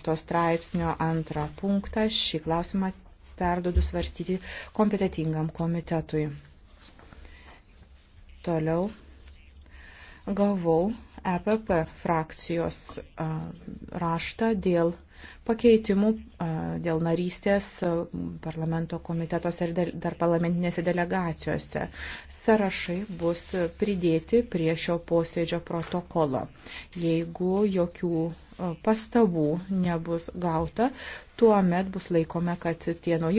šito straipsnio antrą punktą. Šį klausimą perdodu svarstyti kompetitingam komitetui. Toliau gavau EPP frakcijos raštą dėl pakeitimų, dėl narystės parlamento komitetuose ir dar parlamentinėse delegacijose. Sarašai bus pridėti prie šio posėdžio protokolo. Jeigu jokių pastabų nebus gauta, tuo met bus laikome, kad tie nauji